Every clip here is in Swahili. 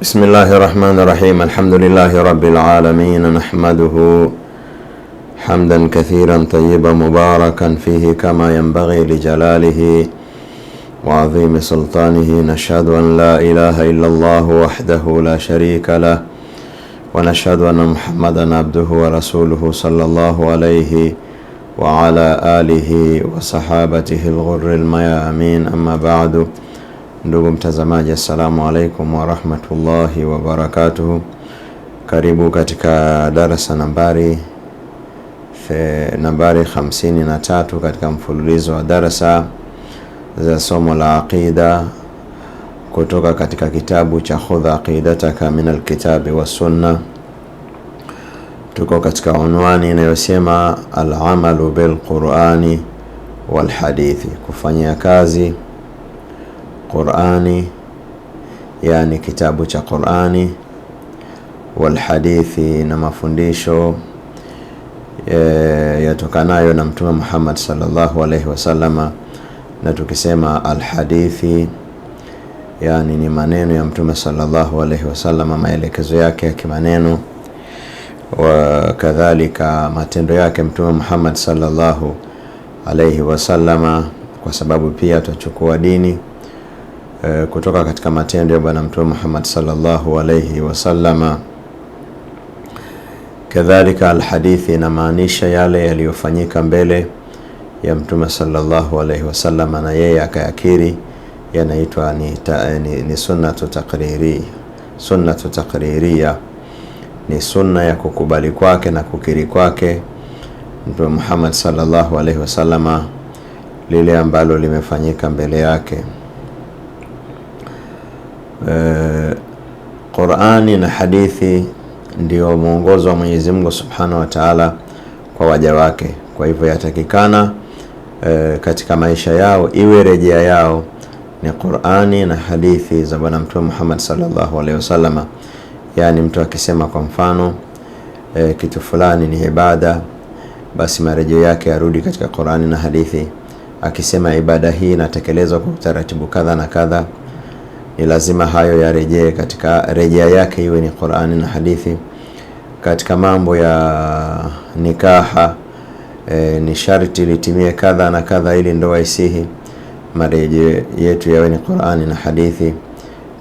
بسم الله الرحمن الرحيم الحمد لله رب العالمين نحمده حمدا كثيرا طيبا مباركا فيه كما ينبغي لجلاله وعظيم سلطانه نشهد ان لا اله الا الله وحده لا شريك له ونشهد ان محمدا عبده ورسوله صلى الله عليه وعلى اله وصحابته الغر الميامين اما بعد Ndugu mtazamaji, assalamu alaikum warahmatullahi wabarakatuhu. Karibu katika darasa nambari fe, nambari 53 katika mfululizo wa darasa za somo la aqida kutoka katika kitabu cha khudh aqidataka min alkitabi wassunna. Tuko katika unwani inayosema alamalu bilqurani walhadithi, kufanyia kazi Qurani, yani kitabu cha Qurani, walhadithi, na mafundisho e, yatokanayo na Mtume Muhammad sallallahu alaihi wasallama. Na tukisema alhadithi, yani ni maneno ya Mtume sallallahu alaihi wasallama, maelekezo yake ya kimaneno wa kadhalika matendo yake Mtume Muhammad sallallahu alaihi wasallama, kwa sababu pia tutachukua dini e, kutoka katika matendo ya Bwana Mtume Muhammad sallallahu alayhi wasallama. Kadhalika alhadithi inamaanisha yale yaliyofanyika mbele ya Mtume sallallahu alayhi wasallama na yeye akayakiri, yanaitwa ni, ni, ni sunnatu taqririya. Sunnatu taqririya ni sunna ya kukubali kwake na kukiri kwake Mtume Muhammad sallallahu alaihi wasallama lile ambalo limefanyika mbele yake. Eh, Qur'ani na hadithi ndio mwongozo wa Mwenyezi Mungu Subhanahu wa Ta'ala kwa waja wake. Kwa hivyo yatakikana e, katika maisha yao iwe rejea yao ni Qur'ani na hadithi za Bwana Mtume Muhammad sallallahu alaihi wasallam. Yaani mtu akisema kwa mfano e, kitu fulani ni ibada, basi marejeo yake yarudi katika Qur'ani na hadithi. Akisema ibada hii inatekelezwa kwa utaratibu kadha na kadha ni lazima hayo yarejee katika rejea yake, iwe ni Qur'ani na hadithi. Katika mambo ya nikaha e, ni sharti litimie kadha na kadha ili ndoa isihi. Marejeo yetu yawe ni Qur'ani na hadithi.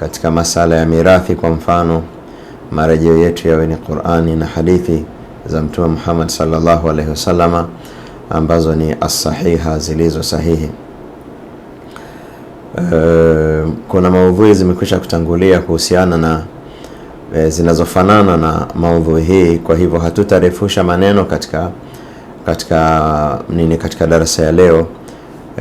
Katika masala ya mirathi, kwa mfano, marejeo yetu yawe ni Qur'ani na hadithi za Mtume Muhammad sallallahu alaihi wasallama ambazo ni asahiha, zilizo sahihi e, kuna maudhui zimekwisha kutangulia kuhusiana na e, zinazofanana na maudhui hii. Kwa hivyo hatutarefusha maneno katika katika nini, katika darasa ya leo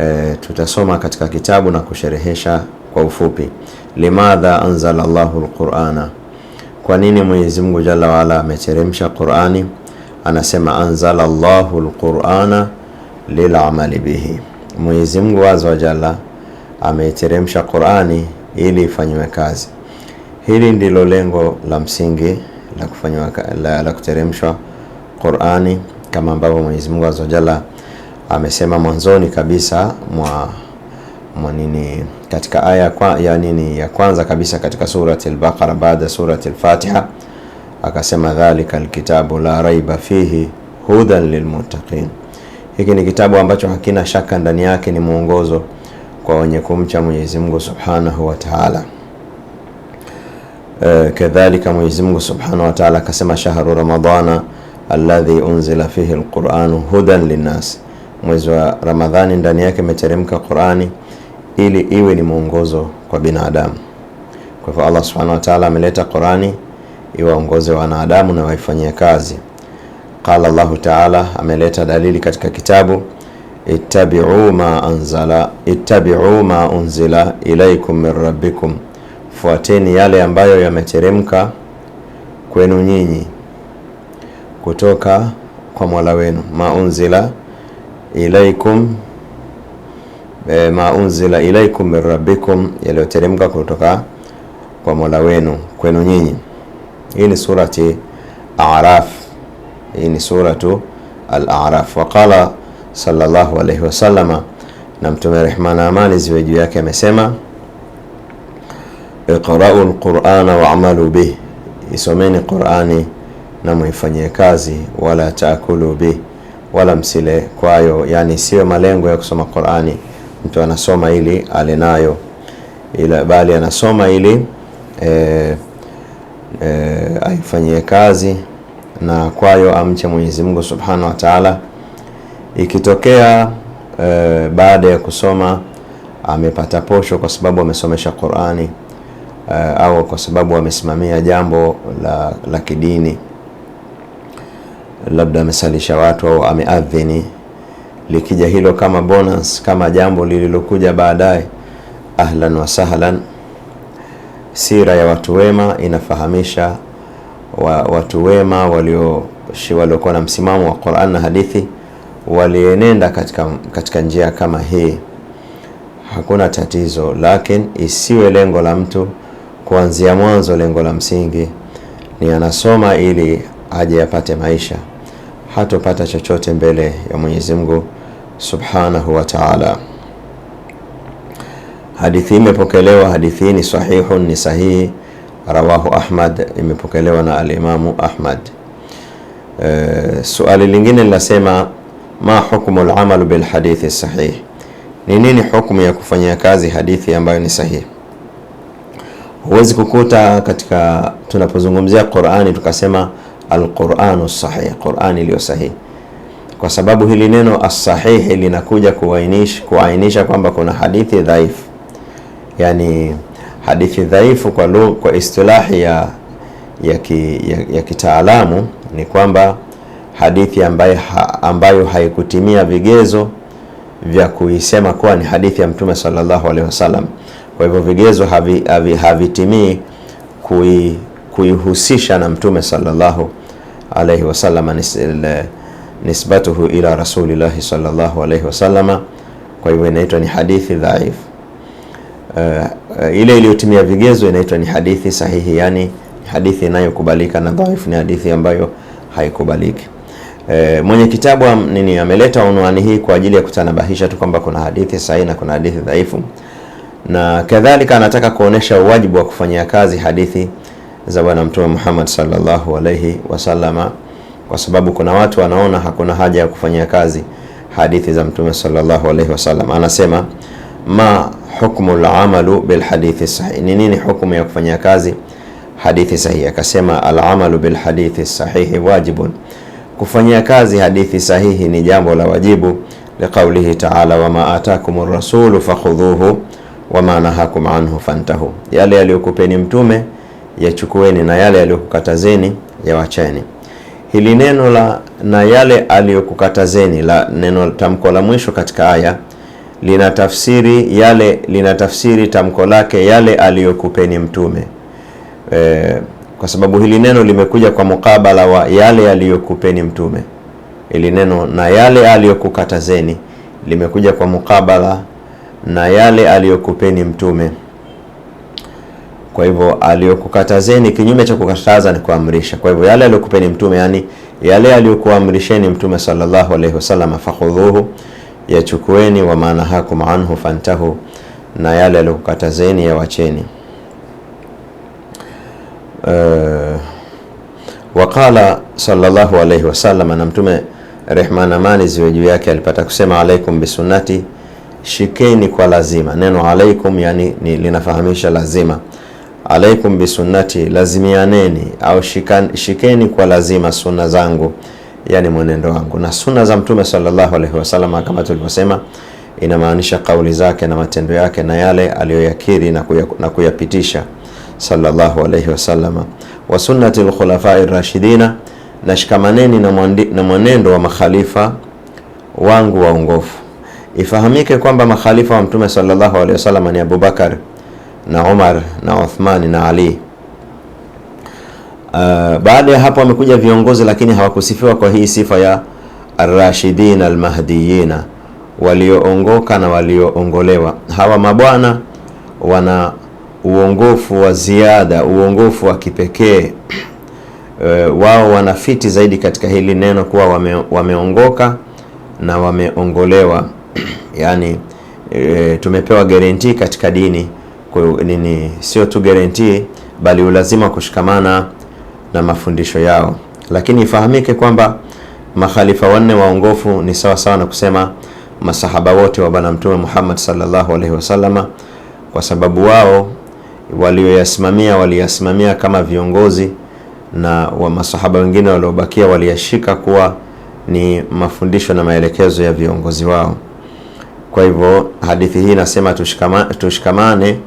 e, tutasoma katika kitabu na kusherehesha kwa ufupi. Limadha anzala Allahu alqur'ana, kwa nini Mwenyezi Mungu Jalla waala ameteremsha Qur'ani? Anasema anzala Allahu alqur'ana lilamali bihi, Mwenyezi Mungu azza wa jalla ameiteremsha Qur'ani ili ifanywe kazi. Hili ndilo lengo la msingi la kufanywa la, la kuteremshwa Qur'ani kama ambavyo Mwenyezi Mungu Azza Jalla amesema mwanzoni kabisa mwa, mwa nini katika aya kwa, ya nini ya kwanza kabisa katika surati al-Baqara baada surati al-Fatiha akasema dhalika alkitabu la raiba fihi hudan lilmuttaqin, hiki ni kitabu ambacho hakina shaka ndani yake, ni mwongozo kwa wenye kumcha Mwenyezi Mungu Subhanahu wa Ta'ala. E, kadhalika Mwenyezi Mungu Subhanahu wa Ta'ala akasema shahru ramadana alladhi unzila fihi alquranu hudan linnas, mwezi wa Ramadhani ndani yake imeteremka Qurani ili iwe ni mwongozo kwa binadamu. Kwa hivyo Allah Subhanahu wa Ta'ala ameleta Qurani iwaongoze wanadamu na waifanyie kazi. Qala Allahu Ta'ala ameleta dalili katika kitabu ittabi'u ma anzala ittabi'u ma unzila ilaikum min rabbikum, fuateni yale ambayo yameteremka kwenu nyinyi kutoka kwa Mola wenu. Ma unzila ilaikum e, ma unzila ilaikum min rabbikum, yaliyoteremka kutoka kwa Mola wenu kwenu nyinyi. Hii ni surati Araf, hii ni suratu Al-Araf. Waqala sallallahu alaihi wasallama, na Mtume rehma na amani ziwe juu yake amesema, iqrau lqurana wa'malu bih, isomeni Qurani na muifanyie kazi. Wala taakulu bih, wala msile kwayo. Yani siyo malengo ya kusoma Qurani mtu anasoma ili ale nayo, ila bali anasoma ili e, e, aifanyie kazi na kwayo amche Mwenyezi Mungu subhanahu wa taala Ikitokea e, baada ya kusoma amepata posho kwa sababu amesomesha Qur'ani e, au kwa sababu amesimamia jambo la, la kidini, labda amesalisha watu au ameadhini, likija hilo kama bonus, kama jambo lililokuja baadaye, ahlan wa sahlan. Sira ya watu wema inafahamisha wa, watu wema waliokuwa na msimamo wa Qur'an na hadithi walienenda katika, katika njia kama hii, hakuna tatizo, lakini isiwe lengo la mtu kuanzia mwanzo. Lengo la msingi ni anasoma ili aje apate maisha, hatopata chochote mbele ya Mwenyezi Mungu subhanahu wa taala. Hadithi imepokelewa, hadithi ni sahihun, ni sahihi, rawahu Ahmad, imepokelewa na alimamu Ahmad. E, suali lingine linasema Ma hukmu al amal bil hadith sahih, ni nini hukumu ya kufanyia kazi hadithi ambayo ni sahihi? Huwezi kukuta katika tunapozungumzia Qur'ani tukasema al-Qur'anu sahih, Qur'ani iliyo sahihi, kwa sababu hili neno as sahih linakuja kuainisha kuainisha kwamba kuna hadithi dhaifu. Yani hadithi dhaifu kwa, kwa istilahi ya, ya, ki, ya, ya kitaalamu ni kwamba hadithi ambayo, ambayo haikutimia vigezo vya kuisema kuwa ni hadithi ya Mtume sallallahu alaihi wasallam. Kwa hivyo vigezo havitimii havi, havi, kui, kuihusisha na Mtume sallallahu alaihi wasallam, nisbatuhu ila rasulillahi sallallahu alaihi wasallam. Kwa hivyo inaitwa ni hadithi dhaif. Uh, uh, ile iliyotimia vigezo inaitwa ni hadithi sahihi, yani hadithi inayokubalika, na dhaif ni hadithi ambayo haikubaliki. E, mwenye kitabu nini ameleta unwani hii kwa ajili ya kutanabahisha tu kwamba kuna hadithi sahihi na kuna hadithi dhaifu, na kadhalika anataka kuonesha uwajibu wa kufanyia kazi hadithi za Bwana Mtume Muhammad sallallahu alaihi wasallama, kwa sababu kuna watu wanaona hakuna haja ya kufanyia kazi hadithi za Mtume sallallahu alaihi wasallam. Anasema, ma hukmu bil hadithi sahih, ni nini hukumu ya kufanyia kazi hadithi sahihi? Akasema, alamalu hadithi sahihi wajibun Kufanyia kazi hadithi sahihi ni jambo la wajibu, liqaulihi taala, wama atakum rasulu fakhudhuhu wama nahakum anhu fantahu, yale yaliyokupeni mtume yachukueni na yale yaliyokukatazeni yawacheni. Hili neno la na yale aliyokukatazeni, la neno tamko la mwisho katika aya lina tafsiri yale, lina tafsiri tamko lake yale aliyokupeni mtume e, kwa sababu hili neno limekuja kwa mukabala wa yale aliyokupeni mtume. Hili neno na yale aliyokukatazeni limekuja kwa mukabala na yale aliyokupeni mtume. Kwa hivyo aliyokukatazeni, kinyume cha kukataza ni kuamrisha. Kwa hivyo yale aliyokupeni mtume, yani yale aliyokuamrisheni mtume sallallahu alaihi wasallam, fakhudhuhu, yachukueni, wa maana hakum anhu fantahu, na yale aliyokukatazeni yawacheni uh, waqala sallallahu alayhi wasallam, na Mtume rehma na amani ziwe juu yake alipata kusema alaikum bisunnati, shikeni kwa lazima. Neno alaikum yani ni linafahamisha lazima. Alaikum bisunnati, lazimianeni au shikan, shikeni kwa lazima sunna zangu, yani mwenendo wangu na sunna za Mtume sallallahu alaihi wasallam, kama tulivyosema inamaanisha kauli zake na matendo yake na yale aliyoyakiri na kuyapitisha sallallahu alayhi wasallam wa sunnati alkhulafai rashidina, na shikamaneni na mwenendo wa makhalifa wangu waongofu. Ifahamike kwamba makhalifa wa mtume sallallahu alayhi wasallam ni Abubakar na Umar na Uthmani na Ali. Uh, baada ya hapo wamekuja viongozi lakini hawakusifiwa kwa hii sifa ya arrashidin almahdiyina, walioongoka na walioongolewa. Hawa mabwana wana uongofu wa ziada, uongofu wa kipekee. Uh, wao wanafiti zaidi katika hili neno kuwa wame, wameongoka na wameongolewa yani e, tumepewa garanti katika dini kwa nini, sio tu garanti, bali ulazima kushikamana na mafundisho yao, lakini ifahamike kwamba makhalifa wanne waongofu ni sawa sawa na kusema masahaba wote wa Bwana Mtume Muhammad sallallahu alaihi wasallama, kwa sababu wao walioyasimamia waliyasimamia kama viongozi na wa masahaba wengine waliobakia waliyashika kuwa ni mafundisho na maelekezo ya viongozi wao. Kwa hivyo hadithi hii inasema tushikama, tushikamane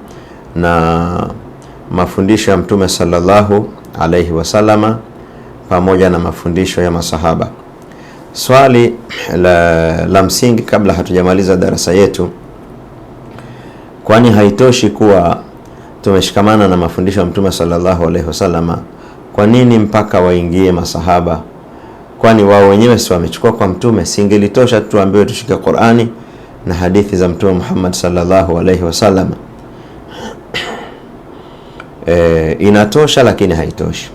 na mafundisho ya Mtume sallallahu alaihi wasalama pamoja na mafundisho ya masahaba. Swali la, la msingi kabla hatujamaliza darasa yetu, kwani haitoshi kuwa tumeshikamana na mafundisho ya Mtume sallallahu alaihi wasallama, kwa nini mpaka waingie masahaba? Kwani wao wenyewe si wamechukua kwa Mtume? Singelitosha tuambiwe tushike Qur'ani na hadithi za Mtume Muhammad sallallahu alaihi wasallam? E, eh, inatosha lakini haitoshi.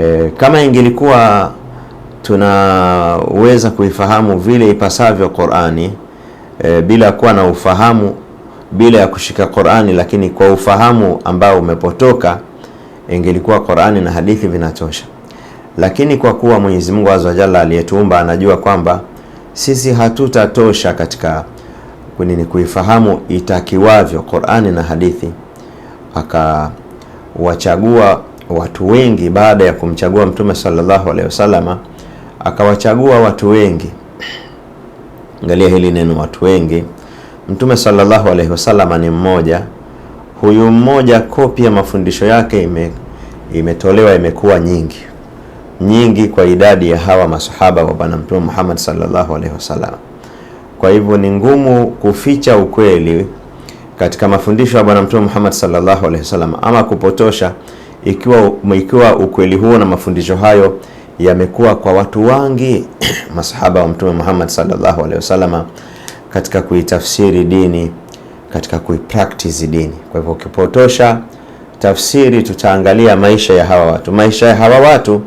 E, kama ingelikuwa tunaweza kuifahamu vile ipasavyo Qur'ani e, bila kuwa na ufahamu bila ya kushika Qur'ani, lakini kwa ufahamu ambao umepotoka, ingelikuwa Qur'ani na hadithi vinatosha. Lakini kwa kuwa Mwenyezi Mungu Azza wa Jalla aliyetuumba anajua kwamba sisi hatutatosha katika kunini kuifahamu itakiwavyo Qur'ani na hadithi, akawachagua watu wengi baada ya kumchagua Mtume sallallahu alaihi wasallam, akawachagua watu wengi. Angalia hili neno watu wengi Mtume sallallahu alaihi wasallam ni mmoja. Huyu mmoja, kopi ya mafundisho yake ime, imetolewa imekuwa nyingi nyingi kwa idadi ya hawa masahaba wa bwana Mtume Muhammad sallallahu alaihi wasallam. Kwa hivyo ni ngumu kuficha ukweli katika mafundisho ya bwana Mtume Muhammad sallallahu alaihi wasallam ama kupotosha ikiwa, ikiwa ukweli huo na mafundisho hayo yamekuwa kwa watu wangi masahaba wa Mtume Muhammad sallallahu alaihi wasallam katika kuitafsiri dini, katika kuipractice dini. Kwa hivyo ukipotosha tafsiri, tutaangalia maisha ya hawa watu. Maisha ya hawa watu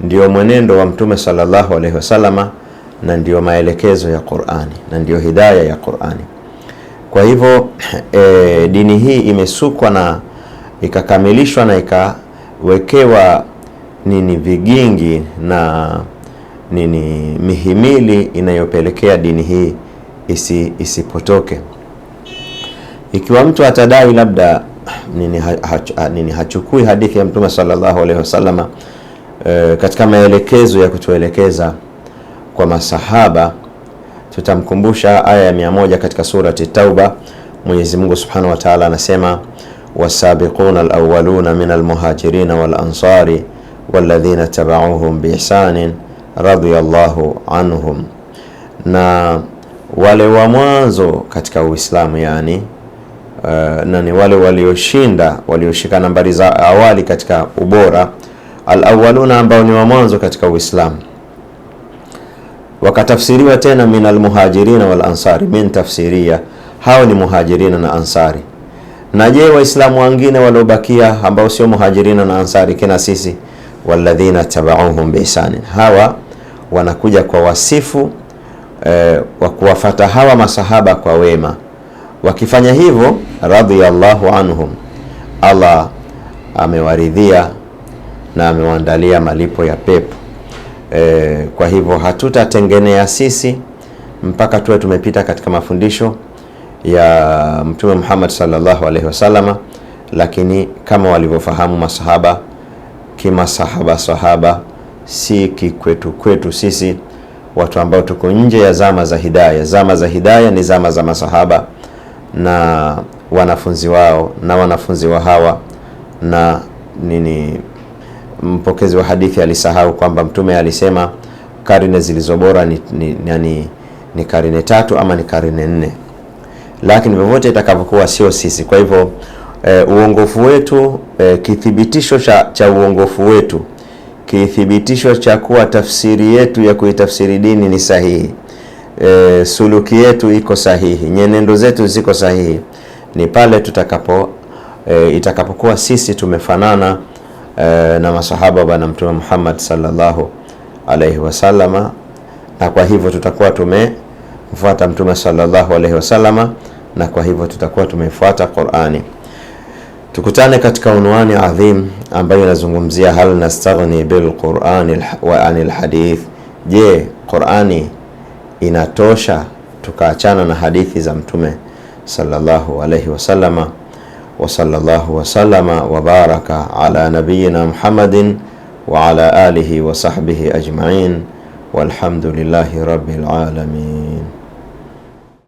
ndio mwenendo wa Mtume sallallahu alaihi wasallama na ndio maelekezo ya Qur'ani na ndio hidaya ya Qur'ani. Kwa hivyo e, dini hii imesukwa na ikakamilishwa na ikawekewa nini vigingi na nini mihimili inayopelekea dini hii isi, isipotoke. Ikiwa mtu atadai labda nini, ha, nini hachukui hadithi ya Mtume sallallahu alaihi wasallam e, katika maelekezo ya kutuelekeza kwa masahaba, tutamkumbusha aya ya moja katika surati Tauba. Mwenyezi Mungu Subhanahu wa Ta'ala anasema wasabiquna alawaluna min almuhajirin walansari walladhina tabauhum biihsanin radiyallahu anhum na wale wa mwanzo katika Uislamu yani uh, nani wale walioshinda walioshika nambari za awali katika ubora, alawaluna ambao ni wa mwanzo katika Uislamu wakatafsiriwa tena min almuhajirina wal ansari, min tafsiria, hao ni muhajirina na ansari. Na je, waislamu wengine waliobakia ambao sio muhajirina na ansari, kina sisi, walladhina tabauhum biihsanin, hawa wanakuja kwa wasifu eh, wa kuwafata hawa masahaba kwa wema. Wakifanya hivyo, radhiyallahu anhum, Allah amewaridhia na amewaandalia malipo ya pepo. Eh, kwa hivyo hatutatengenea sisi mpaka tuwe tumepita katika mafundisho ya Mtume Muhammad sallallahu alaihi wasallama, lakini kama walivyofahamu masahaba kimasahaba sahaba, si kikwetu kwetu sisi watu ambao tuko nje ya zama za hidaya. Zama za hidaya ni zama za masahaba na wanafunzi wao na wanafunzi wa hawa na nini. Mpokezi wa hadithi alisahau kwamba Mtume alisema karne zilizobora ni, ni, yani, ni karne tatu ama ni karne nne, lakini vyovyote itakavyokuwa sio sisi. Kwa hivyo e, uongofu wetu e, kithibitisho cha, cha uongofu wetu kithibitisho cha kuwa tafsiri yetu ya kuitafsiri dini ni sahihi, e, suluki yetu iko sahihi, nyenendo zetu ziko sahihi, ni pale tutakapo e, itakapokuwa sisi tumefanana e, na masahaba wa Bwana Mtume Muhammad sallallahu alaihi wasallama, na kwa hivyo tutakuwa tumemfuata Mtume sallallahu alaihi wasallama, na kwa hivyo tutakuwa tumefuata Qur'ani. Tukutane katika unwani adhim ambayo inazungumzia hal nastaghni bil Qur'an wa anil hadith. Je, Qur'ani inatosha tukaachana na hadithi za Mtume sallallahu alayhi wasallama wa sallallahu sallama wa baraka ala nabiyyina Muhammadin wa ala alihi wa sahbihi ajma'in walhamdulillahi rabbil alamin.